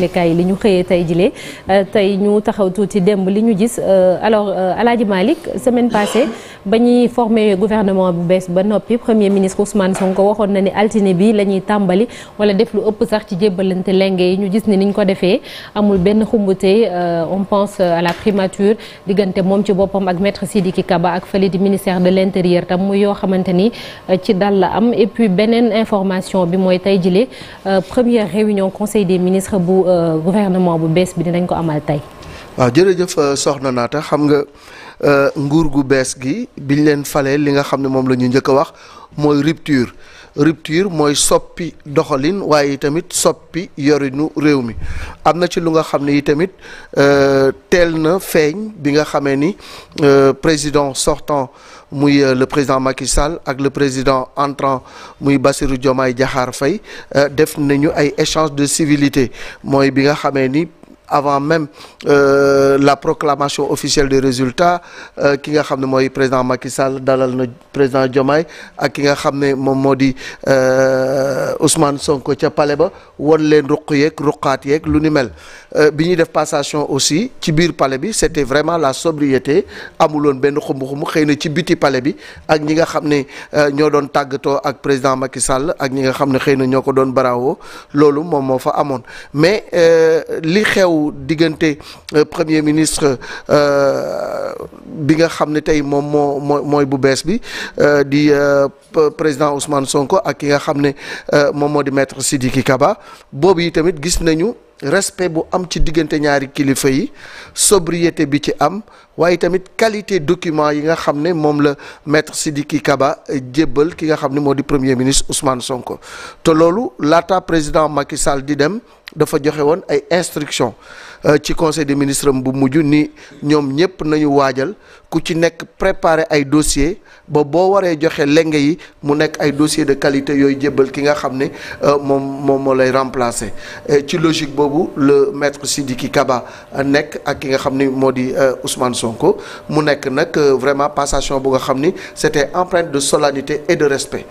likay li ñu xëyee tey jile euh, tey ñu taxaw tuuti démb li ñu gis euh, alors euh, Alaaji Malick semaine passée ba ñuy formé gouvernement bu bees ba noppi premier ministre Ousmane Sonko waxoon na ni altine bi lañuy tàmbali wala def lu ëpp sax ci jébbalante lenge yi ñu gis ni niñ ko defee amul benn xumbute on pense à la primature diggante moom ci boppam ak maître Sidiki Kaba ak fële di ministère de l'intérieur tam muy yoo xamante ni ci dal la am et puis beneen information bi mooy tey jile première réunion conseil des Euh, gouvernement bu bees bi dinañ ko amal tey. waaw jërëjëf euh, soxna naa naata xam nga euh, nguur gu bees gi biñ leen falee li nga xam ne moom la ñu njëkk a wax mooy rupture rupture mooy soppi doxalin waaye tamit soppi yorinu réew mi am na ci lu nga xam ne yi tamit teel na feeñ bi nga xamee ni président sortant. muy euh, le président Macky Sall ak le président entrant muy Bassirou Diomaye Diakhar Faye euh, def nañu ay échange de civilité mooy bi nga xamee ni avant même euh, la proclamation officielle des résultats euh, ki nga xam ne mooy président Macky Sall dalal na président Diomaye ak ki nga xam ne moom moo di euh, Ousmane Sonko ca pale ba won leen ruq yeeg ruqaat yeeg lu ni mel bi ñuy def passation aussi ci biir pale bi c'était vraiment la sobriété amuloon benn xumb-xumb xëy na ci biti pale bi ak ñi nga xam ne ñoo doon tàggatoo ak président Macky Sall ak ñi nga xam ne xëy na ñoo ko doon baraawoo loolu moom moo fa amoon mais li xew diggante euh, premier ministre euh, bi nga xam ne tey moom moo moo mooy bu bees bi euh, di président Ousmane Sonko ak ki nga xam ne moom moo di maître Sidiki Kaba boobu yi tamit gis nañu. respect bu am ci diggante ñaari kilifa yi sobriété bi ci am waaye tamit qualité document yi nga xam ne moom la maître Sidiki Kaba eh, jébbal ki nga xam ne moo di premier ministre Ousmane Sonko te loolu laata président Macky Sall di dem dafa joxe woon ay instructions eh, ci conseil des ministres bu mujj ni ñoom ñëpp nañu waajal ku ci nekk préparer ay dossiers. ba boo waree joxe leng yi mu nekk ay dossier de qualité yooyu jébbal ki nga xam ne euh, moom moom moo lay remplacer ci logique boobu le maitre maître Sidiki Kaba euh, nekk ak ki nga xam ni moo di euh, Ousmane Sonko mu nekk nag vraiment passation bu nga xam ni c'était empreinte de solennité et de respect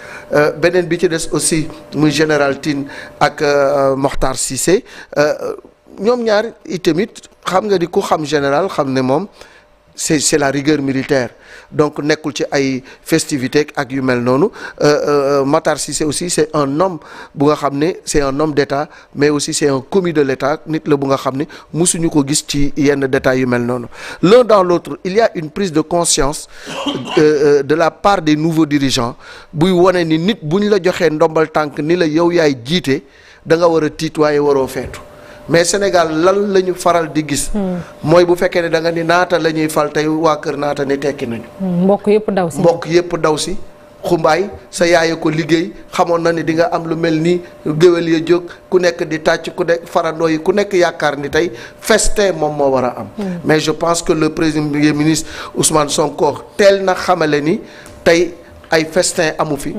beneen bi ci des aussi muy général Tine ak Mokhtar Cissé ñoom ñaar itamit xam nga di ku xam général xam ne moom c'est c'est la rigueur militaire donc nekkul ci ay festivités ak yu mel noonu euh, euh, euh, Matar Cissé aussi c'est un homme bu nga xam ne c'est un homme d'État mais aussi c'est un commis de l'État nit la bu nga xam ni musuñu ko gis ci yenn détails yu mel noonu l'un dans l'autre il y a une prise de conscience de la part des nouveaux dirigeants buy wone ni nit bu ñu la joxee ndombal tànk ni la yow yaay jiite da nga war a tiit waaye waroo feetu mais Sénégal lan la ñu faral di gis. Hmm. mooy bu fekkee ne da nga ni naata la ñuy fal tey waa kër naata ni tekki nañu. Hmm, mbokk yëpp daw si mbokk yëpp daw si. xumbaay sa yaay ko liggéey xamoon na ni di nga am lu mel ni géwél ya jóg ku nekk di tàcc ku nekk farandoo yi ku nekk yaakaar ni tey festin moom moo war a am. Hmm. mais je pense que le premier ministre Ousmane Sonko teel na xamale ni tey ay festin amu fi.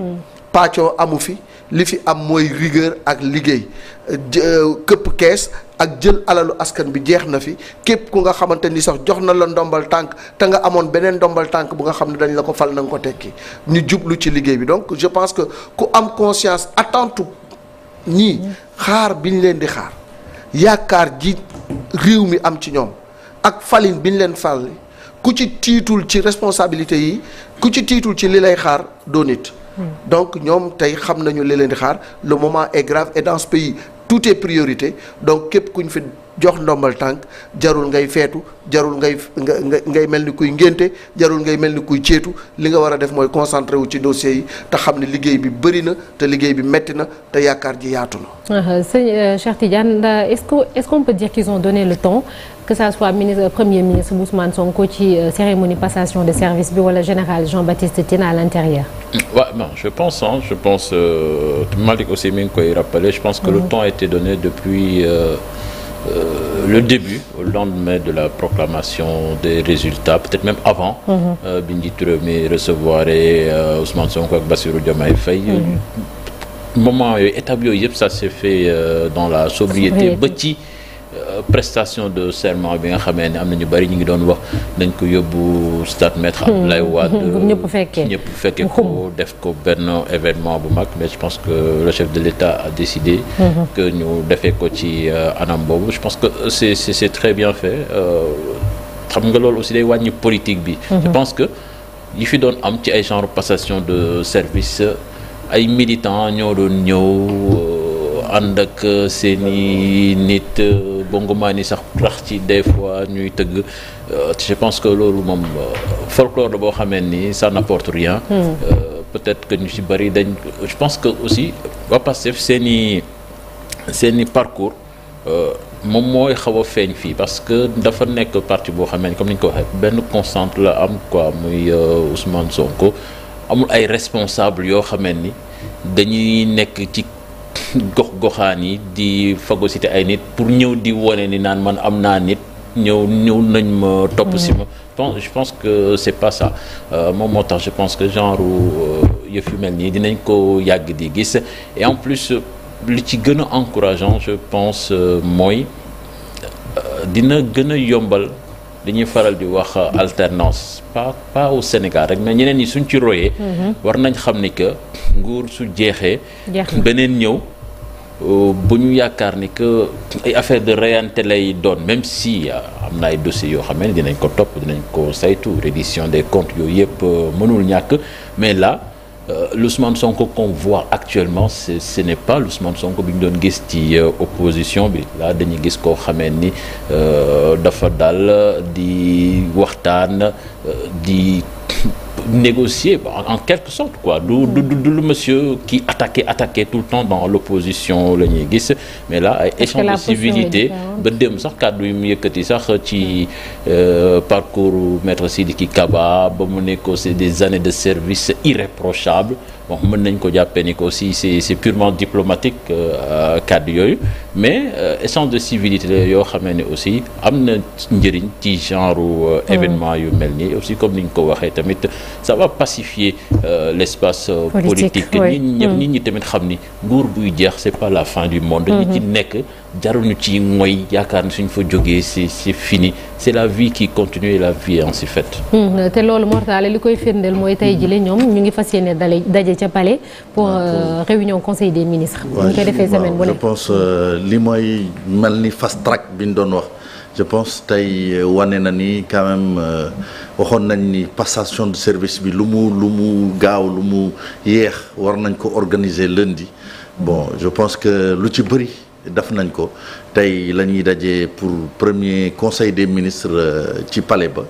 pàccoo amu fi. li fi am mooy rigueur ak liggéey euh, këpp kees ak jël alalu askan bi jeex na fi képp ku nga xamante ni sax jox na la ndombal tànk te nga amoon beneen ndombal tànk bu nga xam ne dañ la ko fal na nga ko tekki ñu jublu ci liggéey bi donc je pense que ku am conscience attente ñii xaar bi ñu leen di xaar yaakaar ji réew mi am ci ñoom ak falin bi ñu leen fal ku ci tiitul ci responsabilité yi ku ci tiitul ci li lay xaar doo nit donc ñoom tey xam nañu li leen di xaar le moment est grave et dans pays tout est priorité donc képp ku ñu fi jox ndombal tànk jarul ngay feetu jarul ngay nga ngay mel ni kuy ngénte jarul ngay mel ni kuy céetu li nga war a def mooy concentré wu ci dossier yi te xam ne liggéey bi bëri na te liggéey bi metti na te yaakaar ji yaatu na. Ah, euh, sëñ euh, Cheikh Tidiane est-ce que est-ce qu'on peut dire qu'ils ont donné le temps que ça soit ministre euh, premier ministre Ousmane Sonko ci cérémonie passation de service bi wala général Jean-Baptiste Tine à l'intérieur. Mmh, je pense ah je pense Malick aussi mi ngi koy rappelé je pense que le mmh. temps a été donné Euh, le début au lendemain de la proclamation des résultats peut-être même avant mhm. euh, bi njiitu réew mi recevoir euh, Ousmane Sonko ak Bassirou Diomaye Faye mhm. moment yooyu étape yooyu yëpp ça s'est fait dans la sobriété ba ci Euh, prestation de serment bi nga xamee ne am na ñu bari ñu ngi doon wax dañ ko yóbbu stade Maître hmm. Abdoulaye Wade hmm. Hmm. ñëpp fekkee ñëpp fekkee ko def ko benn événement bu mag mais je pense que le chef de l'État a décidé que ñu defee ko ci euh, anam boobu je pense que euh, c'est très bien fait xam nga loolu aussi day wàññi politique bi je pense que yi fi doon am ci ay genre passation de service ay militants ñoo doon ñëw ànd ak seeni nit bongomaan yi sax tax ci des fois ñuy tëgg euh, je pense que loolu moom euh, folklore la boo xamee ni ça n'apporte rien hmm. euh, peut-être que ñu ci bari dañ je pense que aussi waa Pastef seeni seeni parcours moom mooy xaw a feeñ fii parce que dafa nekk parti boo xamee ni comme ni ñu ko waxee benn constante la am quoi muy Ousmane Sonko amul ay responsable yoo xamee ni dañuy nekk ci gox-goxaan yi di phagocyté ay nit pour ñëw di wone ni naan man am naa nit ñëw ñëw nañ ma topp si mm. ma je pense que c'est pas ça euh, moom moo tax je pense que genre euh, yëf yu mel nii dinañ ko yàgg di gis en plus li ci gën a encourageant je pense euh, mooy dina gën a yombal dañuy faral di wax alternance pas pas au Sénégal rek mais ñeneen ñi suñ ci royee mm-hmm. war nañ xam ni que nguur su jeexee beneen ñëw bu ñu yaakaar ni que ay affaire de rayante lay doon même si euh, am na ay dossiers yoo xam ne dinañ ko topp dinañ ko saytu reddition des comptes yooyu yëpp euh, mënul ñàkk mais lu euh, l'Ousmane Sonko qu'on voit actuellement ce ce n'est pas l'Ousmane Sonko bu ñu doon gis ci opposition bi laa dañuy gis koo xamee ni dafa dal di waxtaan di. négocier en, en quelque sorte quoi du du du le monsieur qui attaquait attaquait tout le temps dans l'opposition la ñuy gis mais là ay échange de civilité ba sax kàddu yu mu yëkkati sax ci euh, parcours maître Sidiki Kaba ba mu nekk aussi des années de service irréprochables bon mën nañ ko jàppee ni que aussi c'est c'est purement diplomatique euh, kàddu yooyu mais euh, essence de civilité yoo xamee ne aussi am na njëriñ ci genre euh, événement yu mel nii aussi comme ni ñu ko waxee tamit ça va pacifier l'espace politique nit ñi ñëpp hmm. nit ñi tamit xam ni nguur buy jeex c'est pas la fin du monde ñi mm-hmm. nekk jaruñu ci mooy yaakaar ni suñ fa jógee c'est c'est fini c'est la vie qui continue la vie est ainsi hmm, te loolu mortale li koy firndeel mooy tey jile ñoom ñu ngi fas yéene dale daje ca pale pour ah, euh, réunion conseil des ministres. ñu koy defee semaine bu nekk je pense euh, li mooy mel ni fast track bi ñu doon wax. je pense tey euh, wane na ni quand waxoon nañ ni passation de service bi lu mu lu mu gaaw lu mu yéex war nañ ko organiser lundi bon je pense que lu ci bëri. def nañ ko tey la ñuy dajee pour premier conseil des ministres euh, ci pale ba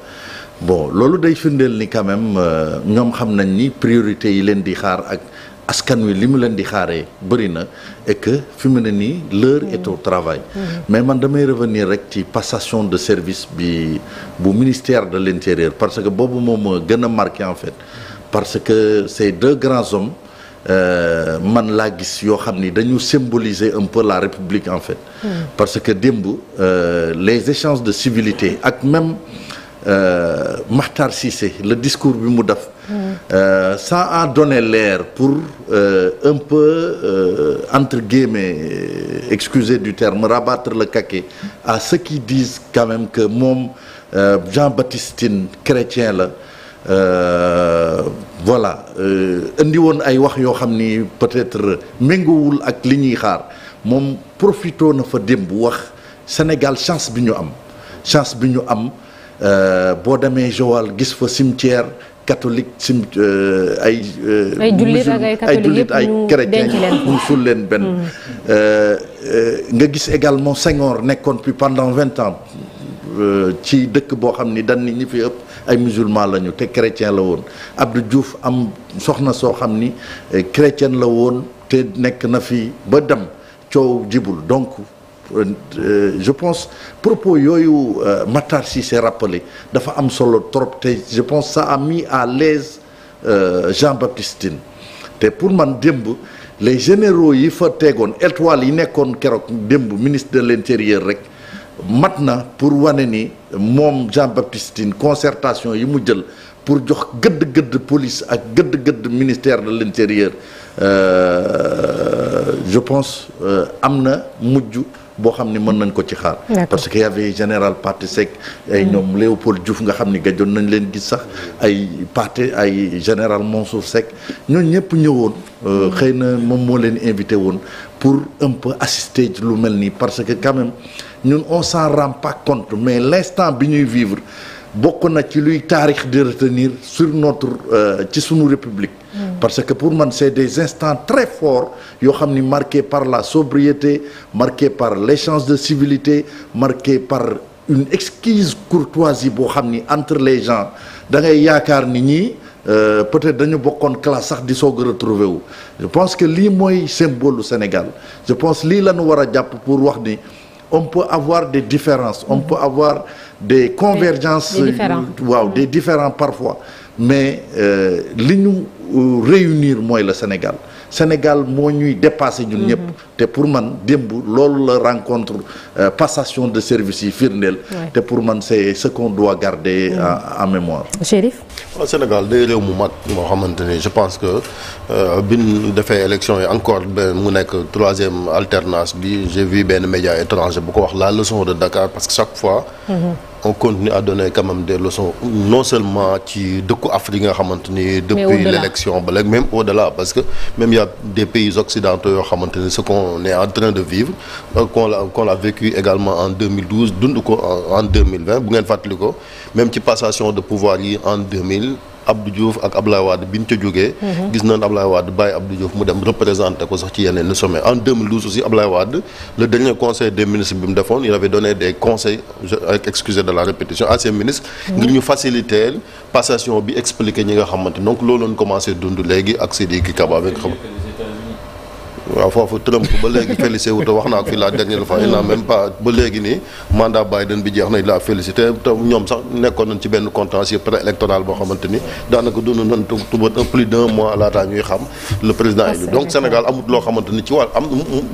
bon loolu day firndeel ni quand même euh, ñoom xam nañ ni priorité yi leen di xaar ak askan wi li mu leen di xaaree bëri na et fi mu ne nii l'heure est au travail mmh. Mmh. mais man damay revenir rek ci passation de service bi bu ministère de l'intérieur parce que boobu moom gën a marqué en fait parce que ces deux grands hommes Euh, man laa gis yoo xam ni dañu symboliser un peu la république en fait hmm. parce que démb euh, les échanges de civilité ak même euh, Makhtar Cissé le discours bi mu def hmm. euh, ça a donné l'air pour euh, un peu euh, entre guillemets excusez du terme rabattre la caquet à ceux qui disent quand même que moom Jean-Baptiste Tine chrétien la voilà euh, indi woon ay wax yoo xam ni peut-être méngoowul ak li ñuy xaar moom profitoo na fa démb wax Sénégal chance bi ñu am chance bi ñu am euh, boo demee Joal gis fa cimetière catholique sim euh, ay. ay leen benn. Mm. nga gis également Senghor nekkoon puis pendant vingt ans. Euh, ci dëkk boo xam ni dañ ni ñu fi ëpp ay musulman lañu te chrétien la woon Abdou Diouf am soxna soo xam ni eh, chrétien la woon te nekk na fi ba dem coow jibul donc euh, euh, je pense propos yooyu Matar Cissé rappelé dafa am solo trop te je pense ça a mis à l'aise Jean-Baptiste Tine te pour man démb les généraux yi fa tegoon étoiles yi nekkoon keroog démb ministre de l'intérieur rek mat na pour wane ni moom Jean Baptiste concertation yi mu jël pour jox gëdd gëdd police ak gëdd gëdd ministère de l'intérieur euh, je pense euh, am na mujj boo xam ni mën nañ ko ci xaar parce que y avait général Pathé Seck ay mm. ñoom Léopold Diouf nga xam ni gëjoon nañ leen gis sax ay parti ay général Mansour Seck ñooñu ñëpp ñëwoon euh, xëy na moom moo leen invité woon pour un peu assister lu mel nii parce que quand même ñun on s'en rend pas compte mais l'instant bi ñuy vivre bokk na ci luy taarix di retenir sur notre euh, ci sunu république. Mm. parce que pour man c'est des instants très forts yoo xam ni marqués par la sobriété marqués par l'échange de civilité marqués par une exquise courtoisie boo xam ni entre les gens dangay yaakaar ni ñi Euh, peut-être dañu bokkoon classe sax di soog a retrouver wu je pense que lii mooy symbole Sénégal je pense lii la ñu war a jàpp pour wax ni on peut avoir des différences on mhm. peut avoir des convergences waaw des différents parfois mais euh, li ñu euh, réunir mooy le Sénégal Sénégal moo ñuy dépassé ñun ñëpp mm-hmm. te pour man démb loolu la rencontre euh, passation de service yi firndeel te pour man se ce qu'on doit garder mm-hmm. euh, en mémoire Chérif waaw Sénégal day réew mu mag moo xamante ni je pense que euh, bin defee élection yi encore benn mu nekk troisième alternance bi j'ai vu benn média étranger bu ko wax la leçon de Dakar parce que chaque fois mm-hmm. on continue à donner quand même des leçons non seulement ci dëkku Afrique nga xamante ni depuis l'élection ba léegi même au parce que même a des pays occidentaux yoo xamante ne ce qu'on est en train de vivre euh, qu'on l'a qu'on l'a vécu également en 2012 dund ko en 2020 bu ngeen fàttali ko même ci passation de pouvoir yi en Abdou Diouf ak Abdoulaye Wade bi ñu ca jógee. Mhm. gis nañ Abdoulaye Wade bàyyi Abdou Diouf mu dem représenté ko sax ci yeneen sommet en 2012 aussi Abdoulaye Wade le dernier conseil des ministres bi mu defoon il avait donné des conseils avec de la répétition à ses mhm. ngir ñu faciliter passation bi expliquer ñi nga xamante donc loolu lañ commencé dund léegi ak Sidiki Kaba bi nga xam. waaw foofu Trump ba léegi félicité wu wax naa ko fi la dernière fois il n'a même pas ba léegi nii mandat Biden bi jeex na il a félicité te ñoom sax nekkoon nañ ci benn contentieux pré-électoral boo xamante ni daanaka dund nañ tuba plus d'un mois laataa ñuy xam le président élu donc Sénégal amut loo xamante ni ci wàll am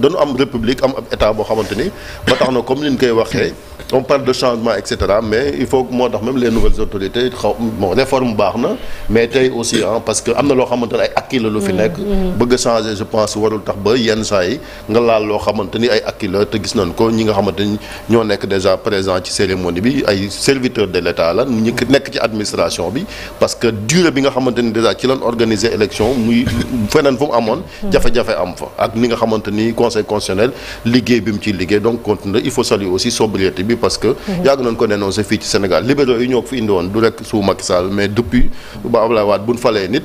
dañu am république am ab état boo xamante ni ba tax na comme ni ñu koy waxee on par de changement et cetera mais il faut moo tax même les nouvelles autorités xaw bon réforme baax na mais tey aussi ah parce que am na loo xamante ne ay acquis lu fi mm, nekk. Mm. bëgg a changer je pense warul tax ba yenn saa yi nga laal loo xamante ni ay acquis la te gis nañ ko ñi nga xamante ni ñoo nekk déjà présent ci cérémonie bi ay serviteurs de l'État la ñi nekk ci administration bi parce que durée bi nga xamante ni déjà ci loon organiser élection muy feneen fu mu amoon. Mm. jafe am fa ak ni nga xamante ni conseil constitutionnel liggéey bi mu ciy liggéey donc continuer il faut saluer aussi parce que mhm. yàgg nañ ko dénoncé fii ci Sénégal libéraux yi ñoo ko fi indi woon du rek sous Macky Sall mais depuis ba Abdoulaye Wade buñ falee nit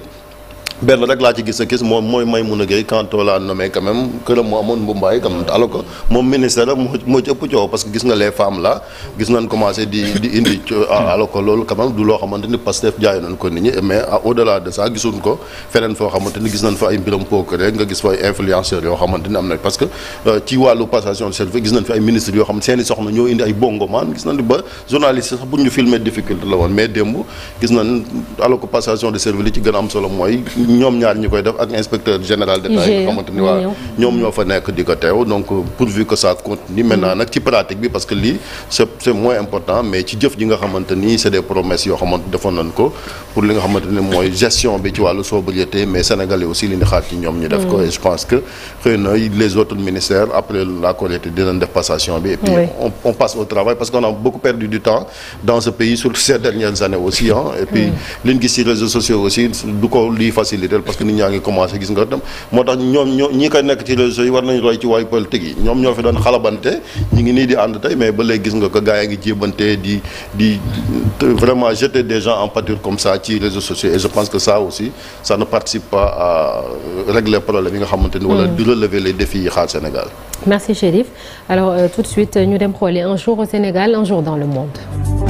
benn rek laa ci gis a gis moom mooy Maïmouna Gueye quand on l'a nommé quand même a moo amoon mbumbaay comme alors que ko nit ñi mais au ko euh, passation de service i soxna ñoo indi ay bongoman gis nañ ba journaliste sax ci gën a am solo mooy ñoom ñaar ñi koy def ak inspecteur général d'état yi nga xamante waa ñoom ñoo fa nekk di ko teew donc pourvu que ça continue maintenant nag ci pratique bi parce que lii c'est moins important mais ci jëf ji nga xamante ni c'est des yoo xamante mooy gestion bi ci wàllu sobriété mais sénégalais aussi li ñu xaar ci ñoom ñu def ko mm. et je pense que xëy les autres ministères après la collecte dinañ def passation bi et on, passe au travail parce faciliter parce que nit ñaa ngi commencé gis nga dem moo tax ñoom ñoo ñi koy nekk ci réseaux yi war nañu roy ci waay politique yi ñoom ñoo fi doon xalabante ñu ngi nii di ànd tey mais ba gis nga ko gars yi ngi jébante di di des gens en pâture comme ça ci réseaux sociaux et je pense que ça aussi ça ne participe pas euh, régler problème yi nga xamante wala hmm. di relever les défis xaar Sénégal merci euh, tout de suite euh, ñu dem xooli un jour au Sénégal un jour dans le